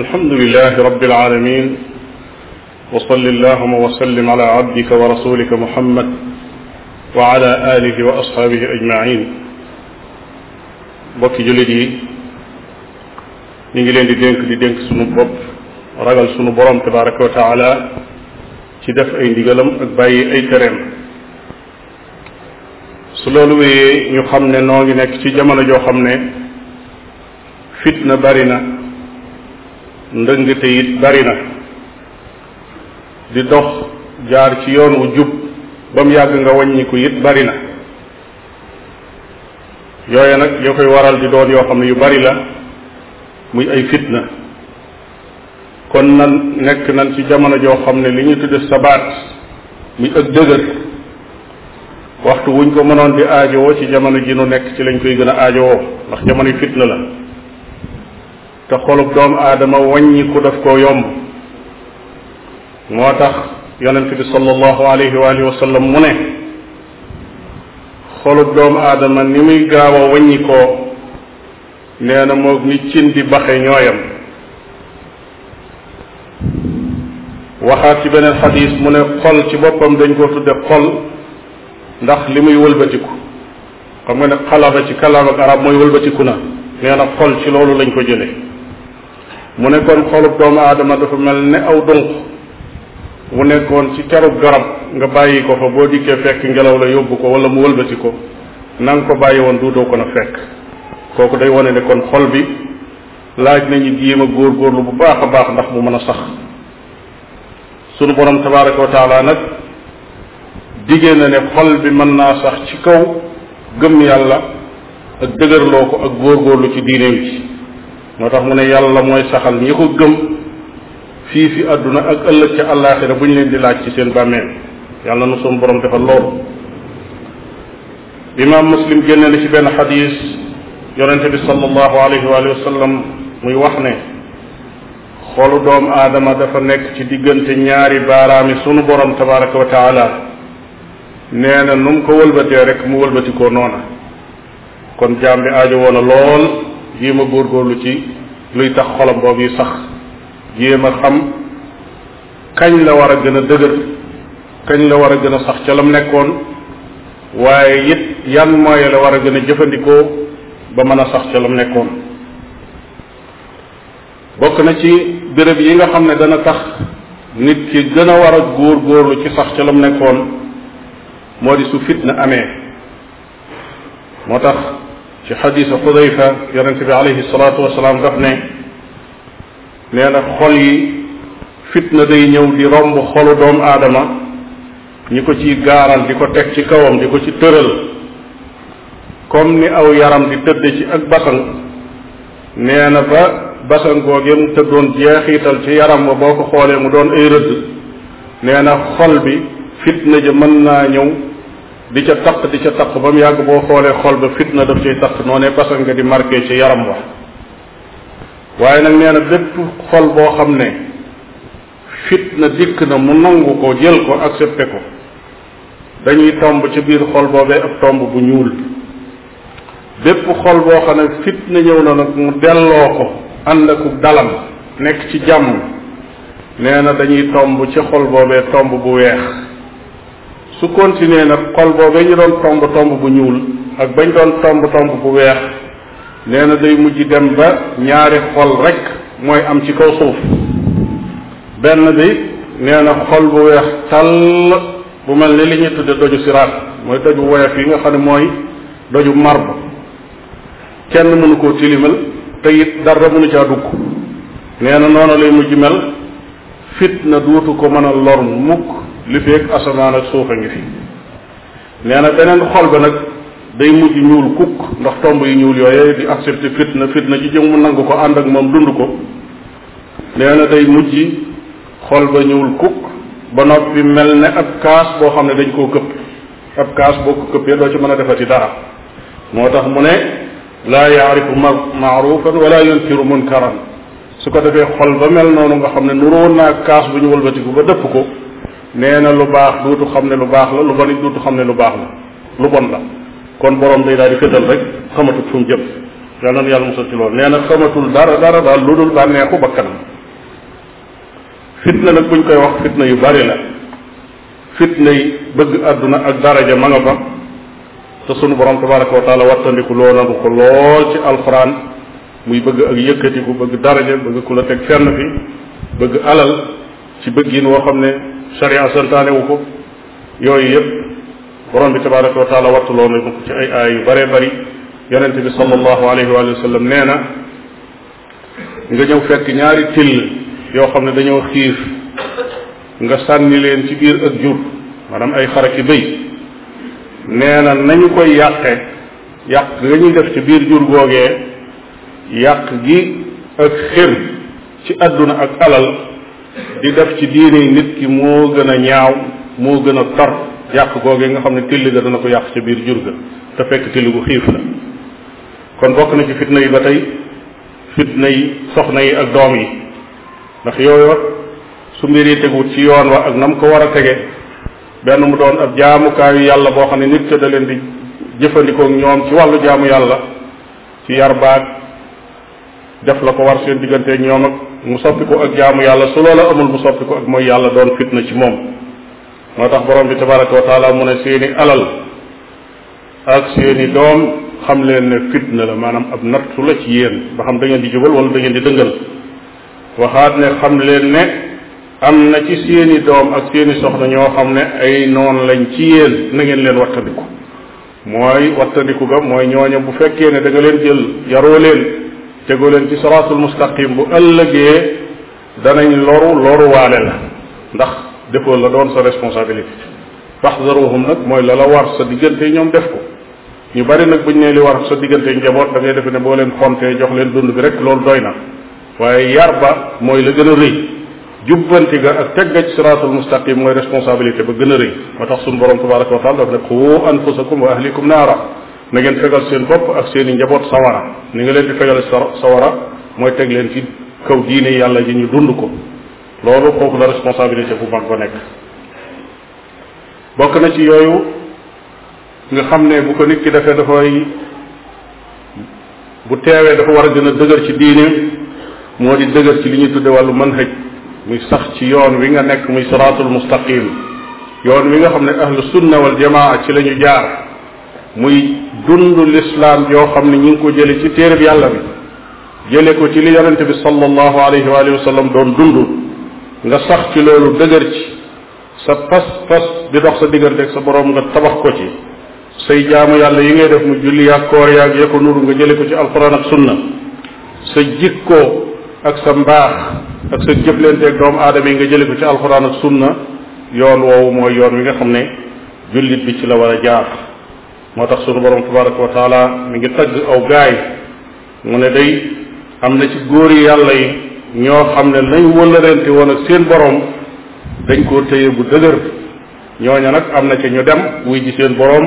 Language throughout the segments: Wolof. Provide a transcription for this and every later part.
alhamdulilahi rabbil alamin wa salli allahuma wa sallim ala abdika wa rasulika muhammad wa ñu ngi leen di dénk di dénk sunu bopp ragal sunu borom tabaraka wa taala ci def ay ndigalam ak bàyyi ay tereem su loolu wéyee ñu xam ne noo ngi nekk ci jamono joo xam ne fitna bari na ndëngte it bari na di dox jaar ci yoon wu jub ba mu yàgg nga wàññiku it bari na yooye nag yoo koy waral di doon yoo xam ne yu bari la muy ay fitna kon nan nekk nan ci jamono joo xam ne li ñu sa baat muy ak dëgër waxtu wuñ ko mënoon di aajowoo ci jamono ji nu nekk ci lañ koy gën a aajowoo ndax jamono fitna la te xolub doomu aadama waññiku daf koo yomb moo tax yonent bi sallallahu alayhi wa alihi wa sallam mu ne xolub doomu aadama ni muy gaaw waññikoo wàññikoo nee na moog ni cin di baxe ñooyam waxaat ci beneen xadis mu ne xol ci boppam dañ koo tudde xol ndax li muy wëlbatiku xam nga ne xalaba ci kalaam ak arab mooy wëlbatiku na nee na xol ci loolu lañ ko jëlee mu ne kon xolub doomu aadama dafa mel ne aw dunq mu nekkoon ci carub garab nga bàyyi ko fa boo dikkee fekk ngelaw la yóbbu ko wala mu wëlbati ko na ko bàyyi woon duudoo ko na fekk kooku day wane ne kon xol bi laaj nañu jéem a góorgóorlu bu baax a baax ndax mu mën a sax sunu borom tabaraka wa taala nag diggée na ne xol bi mën naa sax ci kaw gëm yàlla ak dëgërloo ko ak góor góorlu ci diineem ci moo tax mu ne yàlla mooy saxal ñi ko gëm fii fi àdduna ak ëllëg ca àllaaxira bu ñu leen di laaj ci seen bàmmeel yàlla na sunu borom defal loolu imaam muslim génne na ci benn xadis yonente bi sallallahu alayhi wa sallam muy wax ne xolu doomu aadama dafa nekk ci diggante ñaari baaraami sunu borom tabaraka wa taala nee na nu mu ko wëlbatee rek mu wëlbatikoo noona kon jaam bi aajo woon lool jéem a góorlu ci luy tax xolam yi sax jéem a xam kañ la war a gën a dëgër kañ la war a gën a sax ca lam nekkoon waaye it yan mooy la war a gën a jëfandikoo ba mën a sax ca lam nekkoon bokk na ci bërëb yi nga xam ne dana tax nit ki gën a war a góor góorgóorlu ci sax ca lam nekkoon moo di su fitna amee moo tax ci xadiisa xudayfa yonente bi alayhi salaatu salaam daf ne nee na xol yi fitna day ñëw di romb xolu doomu aadama ñi ko ciy gaaral di ko teg ci kawam di ko ci tëral kom ni aw yaram di tëdd ci ak basan nee na ba basan googem tëddoon jeexiital ci yaram ba boo ko xoolee mu doon ay rëdd nee na xol bi fitna ja mën naa ñëw di ca taq di ca taq ba mu yàgg boo xoolee xol ba na def cay taq noonee basan nga di marqué ci yaram wa waaye nag nee na bépp xol boo xam ne fit na dikk na mu nangu ko jël ko accepté ko dañuy tomb ci biir xol boobee ab tomb bu ñuul bépp xol boo xam ne fit fitna ñëw na nag mu delloo ko ànd ak dalam nekk ci jàmm nee na dañuy tomb ci xol boobee tomb bu weex su continuer nag xol boobee ñu doon tomb tomb bu ñuul ak bañ doon tomb tomb bu weex nee na day mujj dem ba ñaari xol rek mooy am ci kaw suuf benn bi nee na xol bu weex tàll bu mel ni li ñu tudde doju siraat mooy doju woyof yi nga xam ne mooy doju marbre kenn mënu koo tilimal te it dara mënu caa dugg nee na noonu lay mujj mel fit na duutu ko mën a lor mukk li feeg asamaan ak suuf a ngi fi nee na beneen xol ba nag day mujj ñuul kukk ndax tomb yu ñuul yooye di accepté fitna fitna ci jëm mu nangu ko ànd ak moom dund ko nee na day mujj xol ba ñuul kukk ba noppi mel ne ab kaas boo xam ne dañ koo këpp ab kaas boo ko këppee doo ci mën a defati dara moo tax mu ne laa yaarifu ma maarufan wala mun munkaran su ko defee xol ba mel noonu nga xam ne nuróo naa kaas bu ñu wëlbatiku ba dëpp ko nee na lu baax duutu xam ne lu baax la lu bon it xam ne lu baax la lu la kon borom day daal di fëtal rek xamatut fu jëm yàlla na yàlla musal ci loolu nee na xamatul dara dara daal lu dul bànneexu bakkanam fitna nag buñ koy wax fitna yu bari la fitna yi bëgg àdduna ak daraja ma nga fa te sunu borom tabaraka wa taala wattandiku loo nangu ko lool ci alxuraan muy bëgg ak yëkkatiku bëgg daraja bëgg ku la teg fenn fi bëgg alal ci bëggin woo xam ne charia santaane wu ko yooyu yëpp borom bi tabaraka wa taala wattuloo ko ci ay aay yu bare bari yonente bi sallallahu alayhi wa sallam nee na nga ñëw fekk ñaari till yoo xam ne dañoo xiif nga sànni leen ci biir ak jur maanaam ay xaraki béy nee na nañu koy yàqe yàq nga ñuy def ci biir jur googee yàq gi ak xër ci àdduna ak alal di def ci diine nit ki moo gën a ñaaw moo gën a tar yàq googee nga xam ne tilli ga dana ko yàq ca biir jur ga te fekk tilli gu xiif la kon bokk na ci fitna yi ba tey fitna yi soxna yi ak doom yi ndax yooyu su mbir yi teguwut ci yoon wa ak nam ko war a tege benn mu doon ab jaamukaayu yàlla boo xam ne nit ka da leen di jëfandikoo ñoom ci wàllu jaamu yàlla ci yarbaag def la ko war seen digganteeg ñoom mu soppi ak jaamu yàlla su loola amul mu soppi ak mooy yàlla doon fitna ci moom moo tax borom bi tabaraka wa taala mu ne seeni alal ak seeni doom xam leen ne fitna la maanaam ab nattu la ci yéen ba xam da ngeen di jubal wala da ngeen di dëngal waxaat ne xam leen ne am na ci seeni doom ak seeni soxna ñoo xam ne ay noon lañ ci yéen na ngeen leen wattandiku mooy wattandiku ga mooy ñooña bu fekkee ne da nga leen jël yaroo leen tegoo leen ci siraatul mustaqim bu ëllëgee danañ loru loruwaale la ndax defoo la doon sa responsabilité faxdaruhum nag mooy la la war sa diggante ñoom def ko ñu bari nag buñ ne li war sa diggante njaboot da ngay defe ne boo leen xontee jox leen dund bi rek loolu doy na waaye yar ba mooy la gën a rëy jubbanti ga ak tegga ci siraatul mustaqim mooy responsabilité ba gën a rëy moo tax suñu borom tabaraka wa taala daf ne qu anfusakum wa ahlikum naara nageen ngeen fegal seen bopp ak seen i njaboot sawara ni nga leen di fegal sawara mooy teg leen ci kaw diine yàlla ji ñu dund ko loolu kooku la responsabilité bu mag ba nekk bokk na ci yooyu nga xam ne bu ko nit ki defee dafay bu teewee dafa war a gën a dëgër ci diine moo di dëgër ci li ñuy tudde wàllu manhaj muy sax ci yoon wi nga nekk muy siraatul mustaqim yoon wi nga xam ne ahlu sunna wal jamaa ci lañuy ñu jaar muy dundu lislaam yoo xam ne ñi ngi ko jële ci téere bi yàlla bi jële ko ci li yonente bi sallallahu alayhi wa alihi wa sallam doon dund nga sax ci loolu dëgër ci sa pas pas di dox sa diggante ak sa boroom nga tabax ko ci say jaamu yàlla yi ngay def mu julli yaag koor yaag ya ko nuru nga jële ko ci alquran ak sunna sa jikkoo ak sa mbaax ak sa jëflante ak doomu aadama yi nga jële ko ci alquran ak sunna yoon woowu mooy yoon wi nga xam ne jullit bi ci la war a jaar moo tax sunu borom tabaraka wa taala mi ngi tagg aw gaay mu ne day am na ci góor yi yàlla yi ñoo xam ne lañ wëlërante woon ak seen boroom dañ koo téye bu dëgër ñooña nag am na ci ñu dem wuy ji seen borom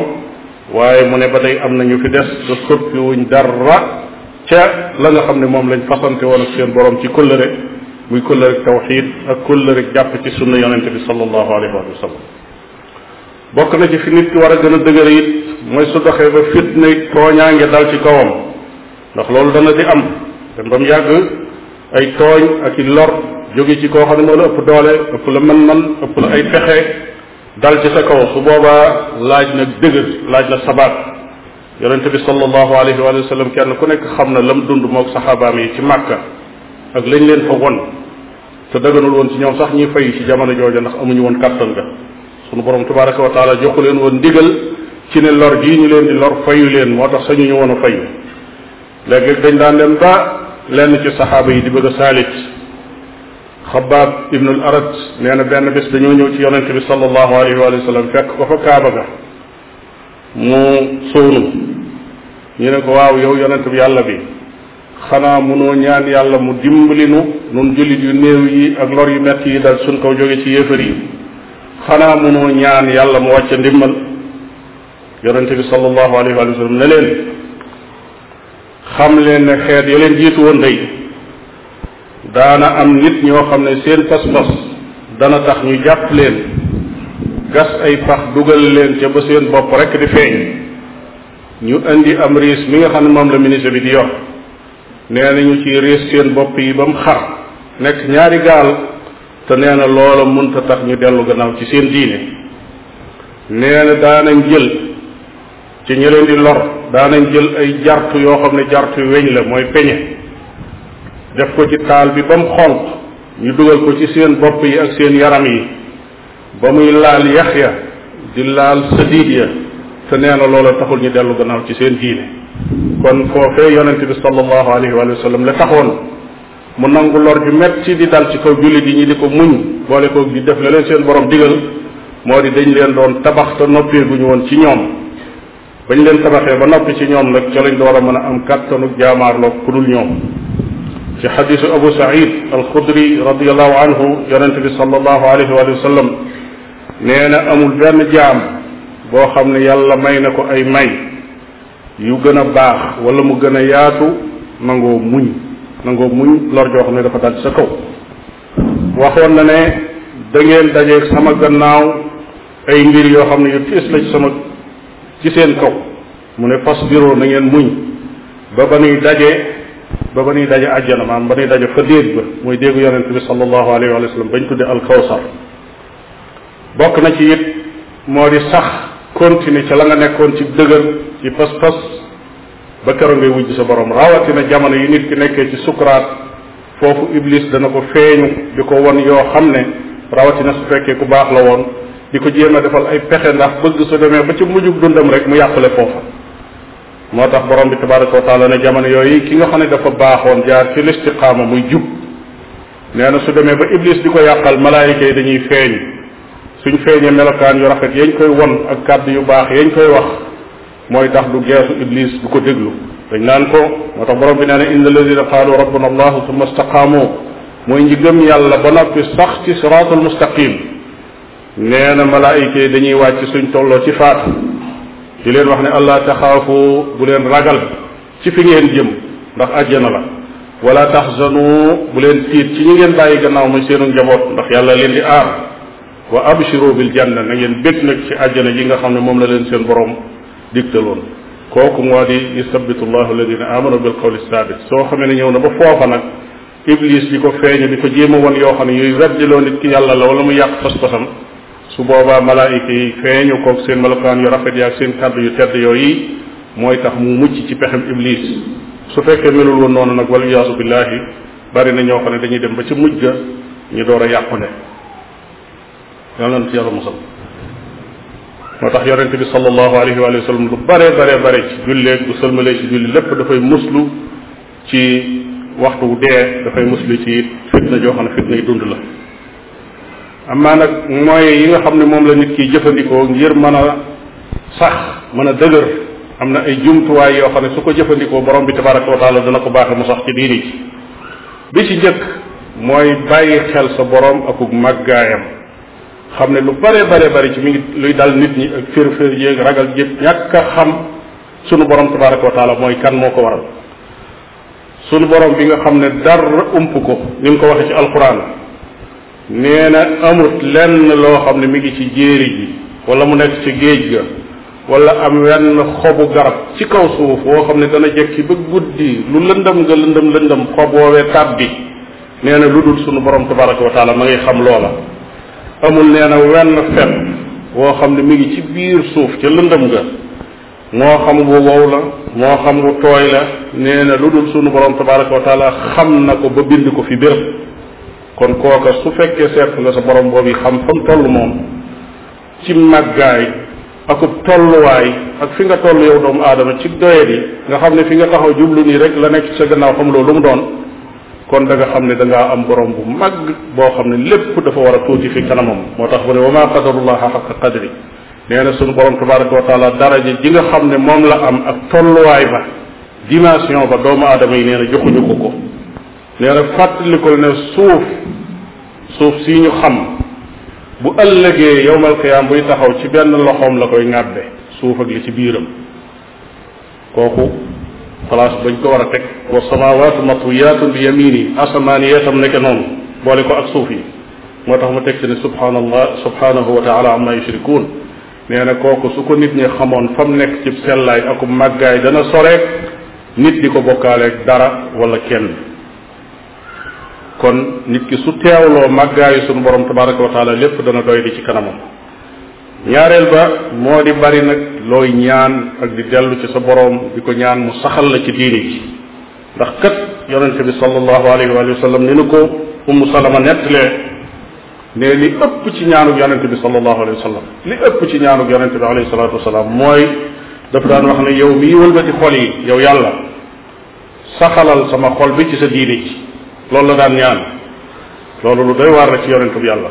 waaye mu ne ba tey am na ñu fi des te soppiwuñ dara ca la nga xam ne moom lañ fasante woon ak seen borom ci kóllëre muy kóllëre tawxiid ak kóllëre jàpp ci sunna yonente bi sallallahu alayhi wa sallam bokk na ci fi nit ki war a gën a dëgëre it mooy su doxee ba fitna tooñaange dal ci kawam ndax loolu dana di am te ba yàgg ay tooñ ak i lor jóge ci koo xam ne moo la ëpp doole ëpp la mën-mën ëpp ay pexe dal ci sa boobaa laaj na dëgër laaj na sabaat yonente bi sallallahu alayhi wa sallam kenn ku nekk xam na lam dund moog saxaabaam yi ci màkka ak lañ leen fa won te dëgganul woon ci ñoom sax ñuy fay ci jamono jooja ndax amuñu woon kàttan ga sunu borom tabaraka wa taala joxu leen woon ndigal ci ne lor gii ñu leen di lor fayu leen moo tax sañu ñu woon a fayu léeg dañ daan dem ba lenn ci yi di bëgg a saalit xabaab ibnul arat nee na benn bés dañoo ñëw ci yonente bi sallallahu alayhi wa sallam fekk ko fa kaaba ga mu sownu ñu ne ko waaw yow yonente bi yàlla bi xanaa munoo ñaan yàlla mu dimbali nu nun jullit yu néew yi ak lor yu metti yi dal suñ ko jóge ci yéefar yi xanaa mënoo ñaan yàlla mu wàcce ndimmal yonente bi sallallahu alayhi wa sallam ne leen xam leen ne xeet ya leen jiitu woon day daana am nit ñoo xam ne seen pas-pas dana tax ñu jàpp leen gas ay pax dugal leen ca ba seen bopp rek di feeñ ñu indi am riis mi nga xam ne moom la ministre bi di yor nee nañu ci riis seen bopp yi ba mu xar nekk ñaari gaal te nee na loola munta tax ñu dellu gannaaw ci seen diine nee na daanañ jël ci ñi di lor daanañ jël ay jartu yoo xam ne jartu weñ la mooy peñe def ko ci taal bi ba mu xonq ñu dugal ko ci seen bopp yi ak seen yaram yi ba muy laal yax ya di laal sadiid ya te nee na loola taxul ñu dellu gannaaw ci seen diine kon foofee yonente bi sallallahu alayhi wa sallam la taxoon mu nangu lor ju metti di dal ci kaw jullit yi ñi di ko muñ boole ko di def la leen seen borom digal moo di dañ leen doon tabax te woon ci ñoom bañ leen tabaxee ba noppi ci ñoom nag ca lañ war a mën a am kàttanu jaamaarloog ku dul ñoom ci xadisu abu said alxudri radiallahu anhu yonente bi salallahu alayhi wa sallam nee na amul benn jaam boo xam ne yàlla may na ko ay may yu gën a baax wala mu gën a yaatu nangoo muñ nangoo muñ lor joo xam ne dafa dal ci sa kaw waxoon na ne da ngeen dajeeg sama gannaaw ay ngir yoo xam ne yu tiis la sama ci seen kaw mu ne fas biro na ngeen muñ ba ba nuy daje ba ba nuy daje ajjana maam ba nuy daje fa déeg ba mooy déegu yonente bi sallallahu alayhi wa sallam bañ al alkawsar bokk na ci it moo di sax continuer ca la nga nekkoon ci dëgër ci pas-pas ba keroog ngay wujj sa borom rawatina jamono yi nit ki nekkee ci sukuraat foofu iblis dana ko feeñu di ko won yoo xam ne rawatina su fekkee ku baax la woon di ko jéem a defal ay pexe ndax bëgg su demee ba ci mujjug dundam rek mu yàqule foofa moo tax borom bi tabaraka wa taala ne jamono yooyu ki nga xam ne dafa baaxoon jaar ci listiqaama muy jub nee na su demee ba iblis di ko yàqal malaayika yi dañuy feeñ suñ feeñee melokaan yu rafet yañ koy won ak kàddu yu baax yañ koy wax mooy tax du geesu iblis bu ko déglu dañ naan ko moo tax borom bi nee na inna alladina qaalu rabbuna allah summa istaqaamu mooy ñi gëm yàlla ba noppi sax ci siraatul mustaqim nee na malaayika yi dañuy wàcc suñ tolloo ci faatu di leen wax ne allah taxaafu bu leen ragal ci fi ngeen jëm ndax àjjana la wala taxzanu bu leen tiit ci ñi ngeen bàyyi gannaaw muy seenu njaboot ndax yàlla leen di aar wa abshiru bi janna na ngeen bég nag ci àjjana ji nga xam ne moom la leen seen borom digtaloon kooku moo di yusabitu llahu alladina amanu bil qawli sabit soo xamee ne ñëw na ba foofa nag iblis di ko feeñu di ko jéem a won yoo xam ne yuy weddiloo nit ki yàlla la wala mu yàq pas-pasam su boobaa malaayika yi feeñu koog seen melokaan yu rafet yaak seen kàddu yu tedd yooyu mooy tax mu mucc ci pexem iblis su fekkee melul woon noonu nag wal iyaasu billahi bari na ñoo xam ne dañuy dem ba ci mujj ga ñu door a yàqu ne yàlla na ci yàlla musal moo tax yonent bi sallallahu alayhi wa sallam lu bare bare bare ci julleeg bu sëlmalee ci julli lépp dafay muslu ci waxtu wu dee dafay muslu ci it fitna joo ne fitna yi dund la amaa nag moyens xam ne moom la kiy jëfandikoo ngir mën a sax a dëgër am na ay jumtuwaay yoo xam ne su ko jëfandikoo borom bi tabaraka wa taala dana ko baaxe mu sax ci diini ji bi ci njëkk mooy bàyyi xel sa borom akuk màggaayam xam ne lu bare bare bari ci mi ngi luy dal nit ñi ak fér fér yéeg ragal yëpp ñàkk a xam sunu borom tabaraka wa mooy kan moo ko waral sunu borom bi nga xam ne dara ump ko ni mu ko waxee ci alquran nee na amut lenn loo xam ne mi ngi ci jéeri ji wala mu nekk ci géej ga wala am wenn xobu garab ci kaw suuf woo xam ne dana jekki ba guddi lu lëndam nga lëndam lëndam xob woowee tàbbi nee na lu dul sunu borom tabaraka wa taala ma xam loola amul nee na wenn fet woo xam ne mi ngi ci biir suuf ca lëndëm nga moo xam wu wow la moo xam wu tooy la nee na lu dul sunu borom tabaraka wa taala xam na ko ba bind ko fi biir kon kooka su fekkee seet nga sa borom boobu xam fa mu toll moom ci màggaay akub tolluwaay ak fi nga toll yow doomu aadama ci doyet yi nga xam ne fi nga taxaw jublu nii rek la nekk sa gannaaw xam loo lu mu doon kon da nga xam ne da am borom bu mag boo xam ne lépp dafa war a tuuti fi kanamam moo tax mu ne wa ma qadarullah xaqa qadri nee na sunu borom tabaraka wa taala daraja ji nga xam ne moom la am ak tolluwaay ba dimension ba doomu aadama yi nee na joxuñu ko ko nee na fàttalikul ne suuf suuf si ñu xam bu ëllëgee yowmal qiyaam buy taxaw ci benn loxoom la koy ŋàbbe suuf ak li ci biiram kooku place bañ ko war a teg wa samawaatu matwiyaatun bi yamini asamaan yi itam nekk noonu boole ko ak moo tax mu teg ci ne subhanallah subhanahu wa taala amma yushrikuun nee na kooku su ko nit ñi xamoon fa mu nekk ci sellaay aku màggaay dana soreek nit di ko bokkaaleeg dara wala kenn kon nit ki su teewloo màggaayu sunu borom tabaraka wa taala lépp dana doy di ci kanamam ñaareel ba moo di bari nag looy ñaan ak di dellu ci sa boroom di ko ñaan mu saxal la ci diine ji ndax kat yonente bi sallallahu alayhi wa sallam ni nu ko ummu salama nettalee ne li ëpp ci ñaanu yonente bi sallallahu alayhi wa ci ñaanuk yonente bi alayhi salatu salaam mooy daf daan wax yow mii wëlbati xol yi yow yàlla saxalal sama xol bi ci sa diine ji loolu la daan ñaan loolu lu waar la ci yonente bi yàlla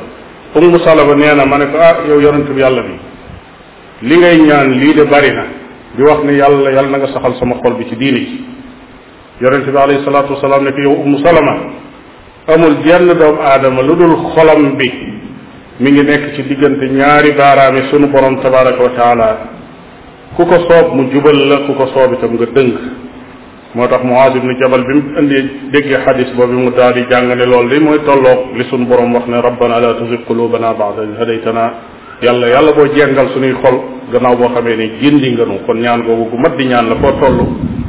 ummu salama nee na ma ne ko ah yow yonente bi yàlla bi li ngay ñaan lii de bari na di wax ne yàlla yàlla na nga saxal sama xol bi ci diini ji yonente bi alayhi salaatu wasalaam amul jenn doomu aadama lu dul xolam bi ngi nekk ci diggante ñaari baaraami sunu borom tabaraka wa taala ku ko soob mu jubal la ku ko soob itam nga dëng moo tax Muaz ibn Jabal bi mu indee déggee xadis boobu mu daal di jàng ne loolu de mooy li sunu borom wax ne rabbana la tuzig qulubana ba'da idh hadaytana yàlla yàlla boo jengal suñuy xol gannaaw boo xamee ne gindi nga nu kon ñaan googu gu mat di ñaan la foo toll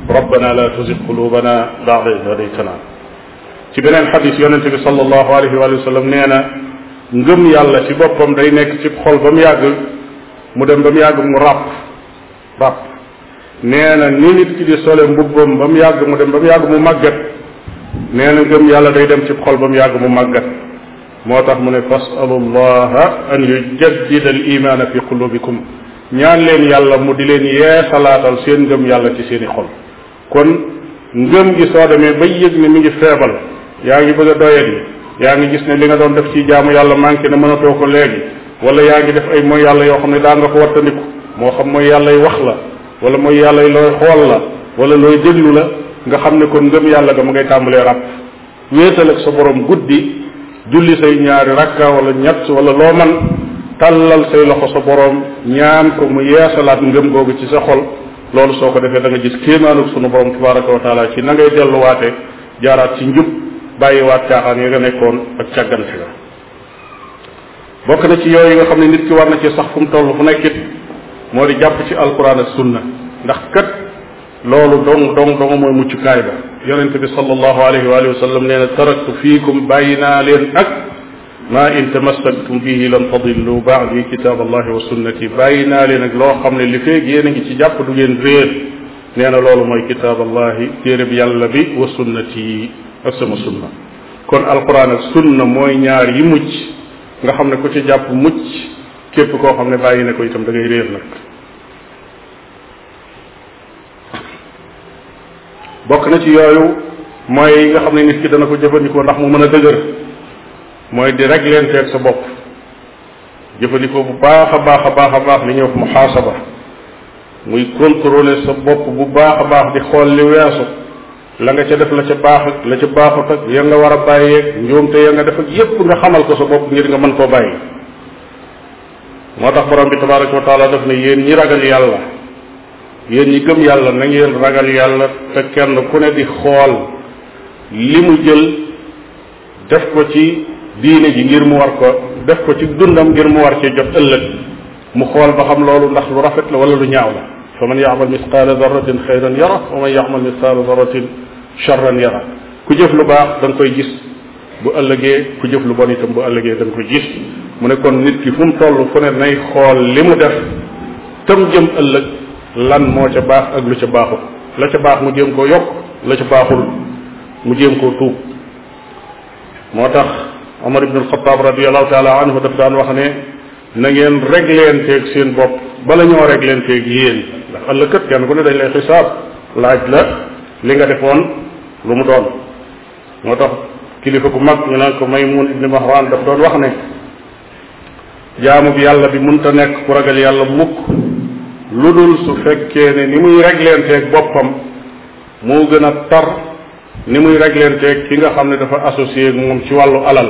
rabbana la tuzig qulubana ba'da idh hadaytana ci beneen xadis yonente bi sallallahu alayhi wa sallam nee na ngëm yàlla ci boppam day nekk ci xol ba mu yàgg mu dem ba mu yàgg mu ràpp ràpp na ni sole mbubbam ba mu yàgg mu dem ba mu yàgg mu màggat nee na ngëm yàlla day dem ci xol ba mu yàgg mu màggat moo tax mu ne fasalu llaha an yujaddida al imaana fi qulubikum ñaan leen yàlla mu di leen yeesalaatal seen ngëm yàlla ci seeni xol kon ngëm gi soo demee ba yëg ne mi ngi feebal yaa ngi bëgg a doyat yi yaa ngi gis ne li nga doon def ci jaamu yàlla manqué na mënatoo ko léegi wala yaa ngi def ay mooy yàlla yoo xam ne daa nga ko wattandiku moo xam mooy yàlla yi wax la wala mooy yàlla looy xool la wala looy déglu la nga xam ne kon ngëm yàlla ga mu tàmbalee ràpp wéetal ak sa julli say ñaari rakka walla ñett wala loo man tàllal say loxo sa boroom ñaan ko mu yeesalaat ngëm googu ci sa xol loolu soo ko defee da nga gis kéemaanug sunu borom tabaraka wa taala ci na ngay delluwaate jaaraat ci njub bàyyiwaat caaxaan ak càggante bokk na ci yooyu nga xam ne nit ki war na ci sax fu mu toll fu nekkit moo di jàpp ci alquran ak sunna ndax kat loolu dong dong dong mooy muccukaay ba yonent bi sallallahu alayhi wa sallam nee na taraktu fiikum bàyyi naa leen ak maa in tamassaktum bihi lan tadillu baadi kitaab allahi wa sunnati bàyyi naa leen ak loo xam ne li feeg yéen a ngi ci jàpp du ngeen réer nee na loolu mooy kitaab allahi téere bi yàlla bi wa sunnati ak sama sunna kon alquran ak sunna mooy ñaar yi mucc nga xam ne ku ci jàpp mucc képp koo xam ne bàyyi na ko itam da ngay réer nag bokk na ci yooyu mooy yi nga xam ne nit ki dana ko jëfandikoo ndax mu mën a dëgër mooy di rek leen seet sa bopp jëfandikoo bu baax a baax a baax a baax li ñuy wax muxaasaba muy contrôler sa bopp bu baax a baax di xool li weesu la nga ca def la ca baax la ca baaxut ak ya nga war a bàyyeeg njuumte ya nga def ak yépp nga xamal ko sa bopp ngir nga mën koo bàyyi moo tax borom bi tabaraka wa taala daf ne yéen ñi ragal yàlla yéen yi gëm yàlla na ngeen ragal yàlla te kenn ku ne di xool li mu jël def ko ci diine ji ngir mu war ko def ko ci dundam ngir mu war ci jot ëllëg mu xool ba xam loolu ndax lu rafet la wala lu ñaaw la fa man yaamal misqaala daratin xayran yara wa man yaamal misqaala daratin charran yara ku jëf lu baax da nga koy gis bu ëllëgee ku jëf lu bon itam bu ëllëgee da nga koy mu ne kon nit ki fu mu toll ne nay xool li mu def tam jëm ëllëg lan moo ca baax ak lu ca baaxul la ca baax mu jéem koo yokk la ca baaxul mu jéem koo tuub moo tax Omar ibn al-Khattab radiyallahu taala daf daan wax ne na ngeen réglenteeg seen bopp bala ñoo réglenteeg yéen ndax ëllëg kat kenn ku ne dañ lay xisaab laaj la li nga defoon lu mu doon moo tax kilifa ku mag ñu naan ko Maymun ibn Mahran daf doon wax ne jaamu bi yàlla bi mënta nekk ku ragal yàlla mukk lu dul su fekkee ne ni muy réglenteeg boppam moo gën a tar ni muy réglenteeg ki nga xam ne dafa associé ak moom ci wàllu alal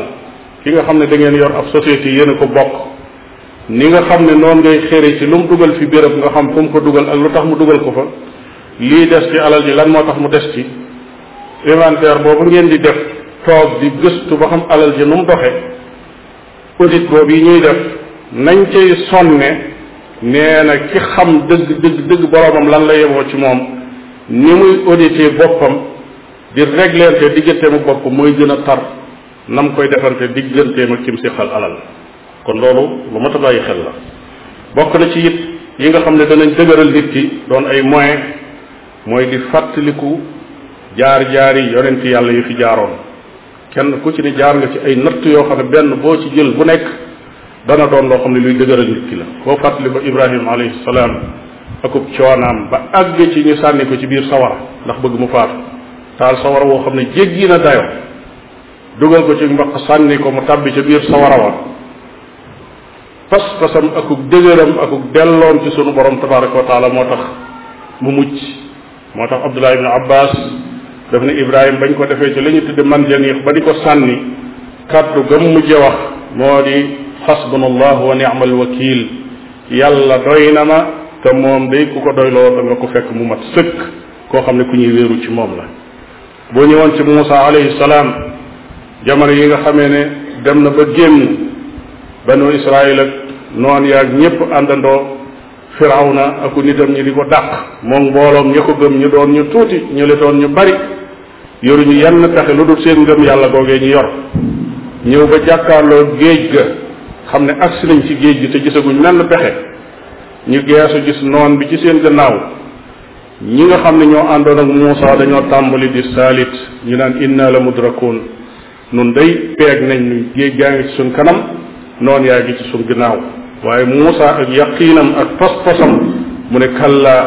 ki nga xam ne da ngeen yor ab société yéen ko bokk ni nga xam ne noon ngay xëre ci lu mu dugal fi béréb nga xam fu mu ko dugal ak lu tax mu dugal ko fa lii des ci alal ji lan moo tax mu des ci inventaire boobu ngeen di def toog di gëstu ba xam alal ji nu mu doxee audit boobu yi ñuy def nañ cay sonne nee na ki xam dëgg dëgg dëgg boroomam lan la yemoo ci moom ni muy audité boppam di réglente digganteem ak bopp mooy gën a tar nam koy defante digganteem ak kim si xal alal kon loolu lu mat a bàyyi xel la bokk na ci it yi nga xam ne danañ dëgëral nit ki doon ay moyen mooy di fàttaliku jaar jaari yonent yàlla yu fi jaaroon kenn ku ci ne jaar nga ci ay natt yoo xam ne benn boo ci jël bu nekk dana doon loo xam ne luy dëgëral nit ki la koo fàttali ba Ibrahima alayhi salaam akub coonaam ba àgg ci ñu sànni ko ci biir sawara ndax bëgg mu faatu taal sawara woo xam ne jéggi na dayo dugal ko ci mbaq sànni ko mu tàbbi ca biir sawara wa pas-pasam akub dëgëram akub delloom ci sunu borom tabaraka wa moo tax mu mucc moo tax Abdullah ibn Abbas daf ne Ibrahima bañ ko defee ci la ñu tudde man janiix ba di ko sànni kàddu gam mujje wax xasbuna allahu wa ni'mal wakil yàlla doy na ma te moom day ku ko doyloo da ko fekk mu mat sëkk koo xam ne ku ñuy wéeru ci moom la boo ñëwoon ci Muusa alayhi salaam jamono yi nga xamee ne dem na ba génn banu Israayil ak noon yaag ñépp àndandoo firawna aku nitam ñi di ko dàq moom mbooloom ña ko gëm ñu doon ñu tuuti ñu letoon ñu bari yoruñu yenn pexe lu dul seen ngëm yàlla googee ñu yor ñëw ba jàkkaarloo géej ga xam ne si nañ ci géej gi te gisaguñ menn pexe ñu geesu gis noon bi ci seen gannaaw ñi nga xam ne ñoo àndoon ak Muusa dañoo tàmbali di saalit ñu naan inna la mudrakuun nun day peeg nañ géej gaa ngi ci suñ kanam noon yaa ngi ci suñ gannaaw waaye Muusa ak yaqiinam ak pas-pasam mu ne kallaa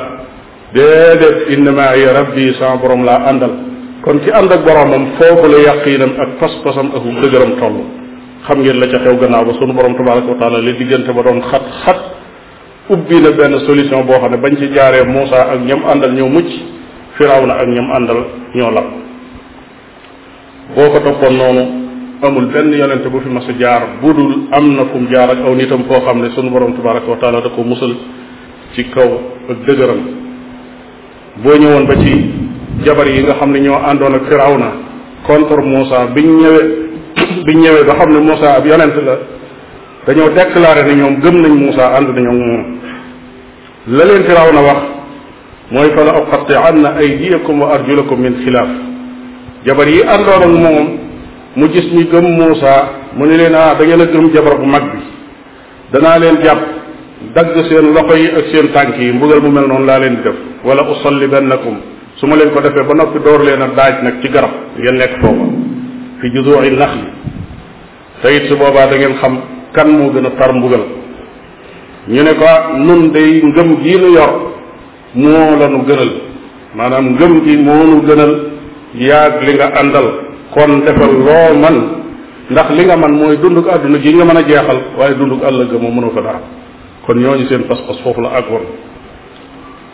déedéet inna maa ya sama borom laa àndal kon ki ànd ak boromam foofu la yaqiinam ak pas-pasam ak dëgëram toll xam ngeen la ca xew gannaaw ba sunu borom tabaraka wa taala li diggante ba doon xat xat ubbi na benn solution boo xam ne bañ ci jaaree Moussa ak ñam àndal ñoo mucc na ak ñam àndal ñoo lab boo ko toppoon noonu amul benn yonente bu fi mas jaar bu dul am na fu mu jaar ak aw nitam koo xam ne suñu borom tabaraka wa taala da ko musal ci kaw ak dëgëram boo ñëwoon ba ci jabar yi nga xam ne ñoo àndoon ak na contre Moussa biñ ñëwee biñ ñëwee ba xam ne Moussa ab yonent la dañoo déclaré ne ñoom gëm nañ Moussa ànd nañoo moom la leen firaaw na wax mooy fa la uqatti'anna aydiyakum wa arjulakum min xilaaf jabar yi àndoon ak moom mu gis ñu gëm Moussa mu ne leen ah da ngeen gëm jabar bu mag bi danaa leen jàpp dagg seen loxo yi ak seen tànk yi mbugal mu mel noonu laa leen di def wala usallibannakum su ma leen ko defee ba noppi door leen a daaj nag ci garab ngeen nekk foofa fi judu'i naxli te it su boobaa da ngeen xam kan moo gën a par mbugal ñu ne ko nun day ngëm gii nu yor moo la gënal maanaam ngëm gi moo nu gënal yaag li nga àndal kon defal loo man ndax li nga man mooy dunduk àdduna gi nga mën a jeexal waaye dunduk àllëg moo mënoo ko dara kon ñooñu seen pas-pas foofu la àggoon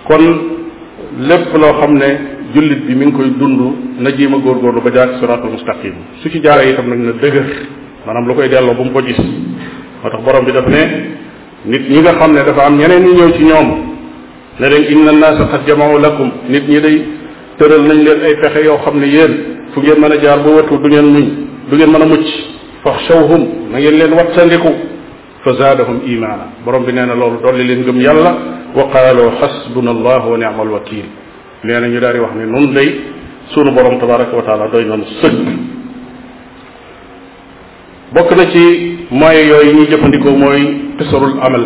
kon lépp loo xam ne jullit bi mi ngi koy dund na jéem a góorgóorlu ba jaar ci a mustaqim su ci jaaree itam nag na dëgër maanaam lu koy delloo bu mu ko gis moo borom bi daf ne nit ñi nga xam ne dafa am ñeneen ñu ñëw ci ñoom ne leen inna naasa qad jama'u lakum nit ñi day tëral nañ leen ay pexe yow xam ne yéen fu geen mën a jaar ba wëtu du ngeen muñ du ngeen mën a mucc faxshawhum na ngeen leen wattandiku fa zaadahum imaana borom bi nee na loolu dolli leen gëm yalla wa qaaloo xasbuna allah wa ni'mal wakiil nee na ñu daal di wax ne nun lay sunu borom tabaraka wa taala doy nañu sëkk bokk na ci moyens yooyu ñuy jëfandikoo mooy tisarul amal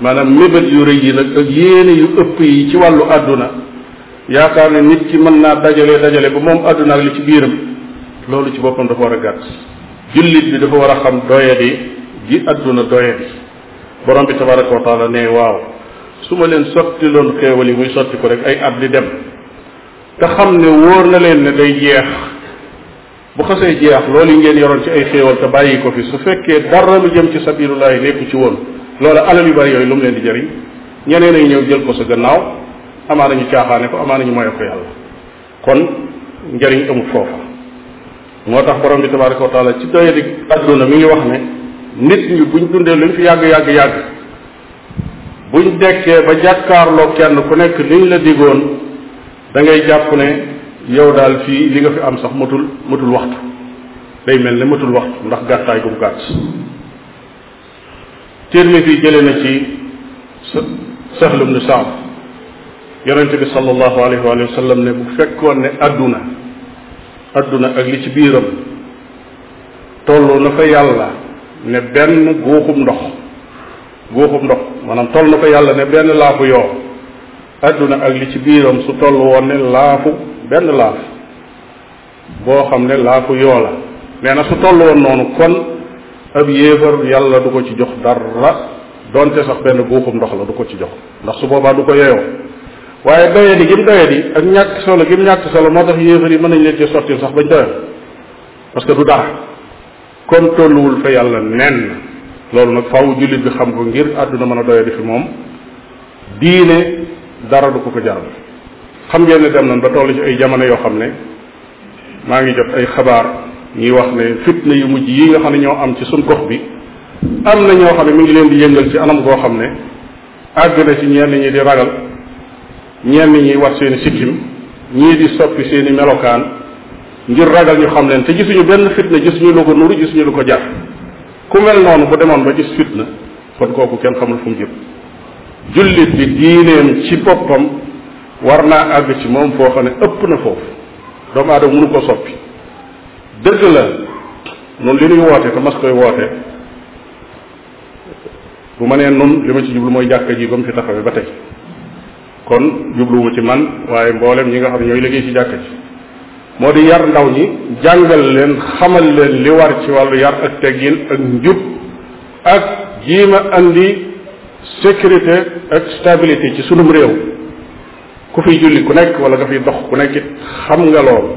maanaam mébét yu rëy yi nag yéene yu ëpp yi ci wàllu àdduna yaakaar ne nit ki mën naa dajale dajale ba moom àdduna ak li ci biiram loolu ci boppam dafa war a gàtt jullit bi dafa war a xam doyadi gi àdduna doyadi borom bi tabaraka wa taala ne waaw su ma leen sotti loon xéewal yi muy sotti ko rek ay at di dem te xam ne wóor na leen ne day jeex bu xasee jeex loolu yi ngeen yoroon ci ay xéewal te bàyyi ko fi su fekkee dara lu jëm ci sabilullahi nekku ci woon loolu alal yu bari yooyu lu mu leen di jëriñ ñeneen ay ñëw jël ko sa gannaaw amaana ñu caaxaane ko amaana ñu moye ko yàlla kon njariñ amul foofa moo tax borom bi tabaraka wa ci doye di adduna mi wax ne nit ñi buñ dundee luñ fi yàgg yàgg yàgg buñ dekkee ba jàkkaarloo kenn ku nekk liñ la digoon dangay jàpp ne yow daal fii li nga fi am sax matul matul waxtu day mel ni matul waxtu ndax gàttaay gu mu gàtt Tirmidi jële na ci Sahl ibn Sa'd yonente bi sallallahu alayhi wa sallam ne bu fekkoon ne àdduna àdduna ak li ci biiram tollu na fa yàlla ne benn guuxum ndox guuxum ndox maanaam toll na ko yàlla ne benn laafu yoo adduna ak li ci biiram su toll woon ne laafu benn laaf boo xam ne laafu yoo la nee na su toll woon noonu kon ab yéefar yàlla du ko ci jox dara donte sax benn guuxum ndox la du ko ci jox ndax su boobaa du ko yeyoo waaye doye di gim doye ak ñàkk solo gim ñàkk solo moo tax yéefar yi mën nañ leen ci sottil sax bañ doyal parce que du dara comme tolluwul fa yàlla nen loolu nag faaw jullit bi xam ko ngir àdduna mën a doyadi fi moom diine dara du ko ko jaral xam ngeen ne dem nañ ba toll ci ay jamono yoo xam ne maa ngi jot ay xabaar ñuy wax ne fitna yu mujj yi nga xam ne ñoo am ci suñ gox bi am na ñoo xam ne mu ngi leen di yëngal ci anam goo xam ne àgg na ci ñenn ñi di ragal ñenn ñi wax seeni sikkim ñii di soppi seeni melokaan ngir ragal ñu xam leen te gisuñu benn fitna gisuñu lu ko nuru gisuñu lu ko jar ku mel noonu bu demoon ba gis na kon kooku kenn xamul fu mu jëm jullit bi diineem ci boppam war naa àgg ci moom foo xam ne ëpp na foofu doomu aadama mënu ko soppi dëgg la noonu li ñuy woote te mas koy woote bu ma nee nun li ma ci jublu mooy jàkka jii ba mu fi taxawee ba tey kon jubluwuma ci man waaye mboolem ñi nga xam ne ñooy liggéey ci jàkka ji moo di yar ndaw ñi jàngal leen xamal leen li war ci wàllu yar ak teggin ak njub ak jiima andi sécurité ak stabilité ci sunum réew ku fiy julli ku nekk wala nga fiy dox ku nekk it xam nga loolu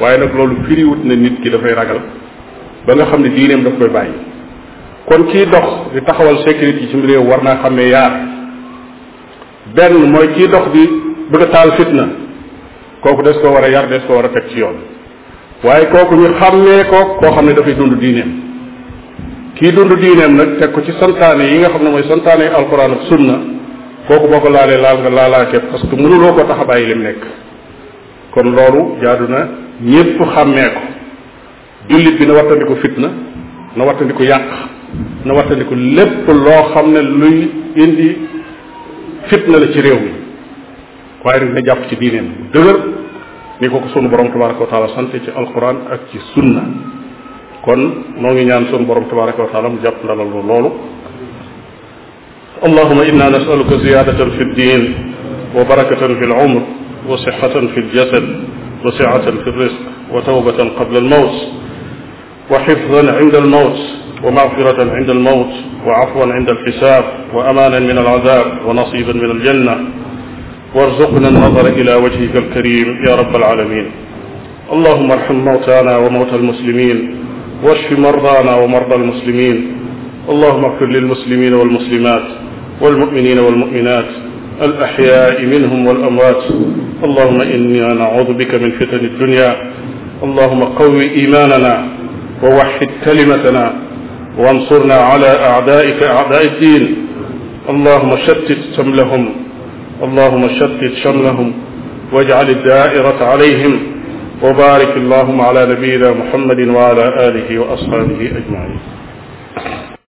waaye nag loolu firiwut na nit ki dafay ragal ba nga xam ne diineem daf koy bàyyi kon kiy dox di taxawal sécurité ci réew war naa xam ne yaar benn mooy kiy dox di bëgg a taal fitna kooku des koo war a yar des koo war a teg ci yoon waaye kooku ñu xàmmee ko koo xam ne dafay dund diineem kii dund diineem nag teg ko ci santaane yi nga xam ne mooy santaane alquran ak sunna kooku boo ko laalee laal nga laalaakee parce que mënuloo ko tax a bàyyi lim nekk kon loolu jaadu na ñépp xàmmee ko jullit bi na wattandiku fitna na wattandiku yàq na wattandiku lépp loo xam ne luy indi fitna la ci réew mi waaye nag na jàpp ci diineem bu dëgër ni ko ko sunu borom tabaraka wa taala sant ci alquran ak ci sunna kon noo ngi ñaan sunu borom tabaraka wa taala mu jàpp ndalal loolu allahuma inna nasaluka ziyadatan fi ddin wa barakatan fi lcumr wa sixatan fi ljasad wa siatan fi risq wa tawbatan qabla almawt wa xifdan inda almawt wa magfiratan inda almawt wa afwan inda alxisab wa amanan min alazab wa nasiban min aljanna warzuqna an-nazara ila wajhika al-karim ya rabbal alamin allahumma arham mawtana wa mawta al-muslimin washfi mardana wa marda al-muslimin allahumma ighfir lil-muslimina wal-muslimat wal-mu'minina wal-mu'minat الأحياء منهم والأموات اللهم إنا نعوذ بك من فتن الدنيا اللهم قو إيماننا ووحد كلمتنا وانصرنا على أعدائك أعداء الدين اللهم شتت سملهم allahuma shatit shamlahum wajcal daairata alayhim wa barik allahuma ala nabiyina muhammadin wa ala alihi wa ashabihi ajmain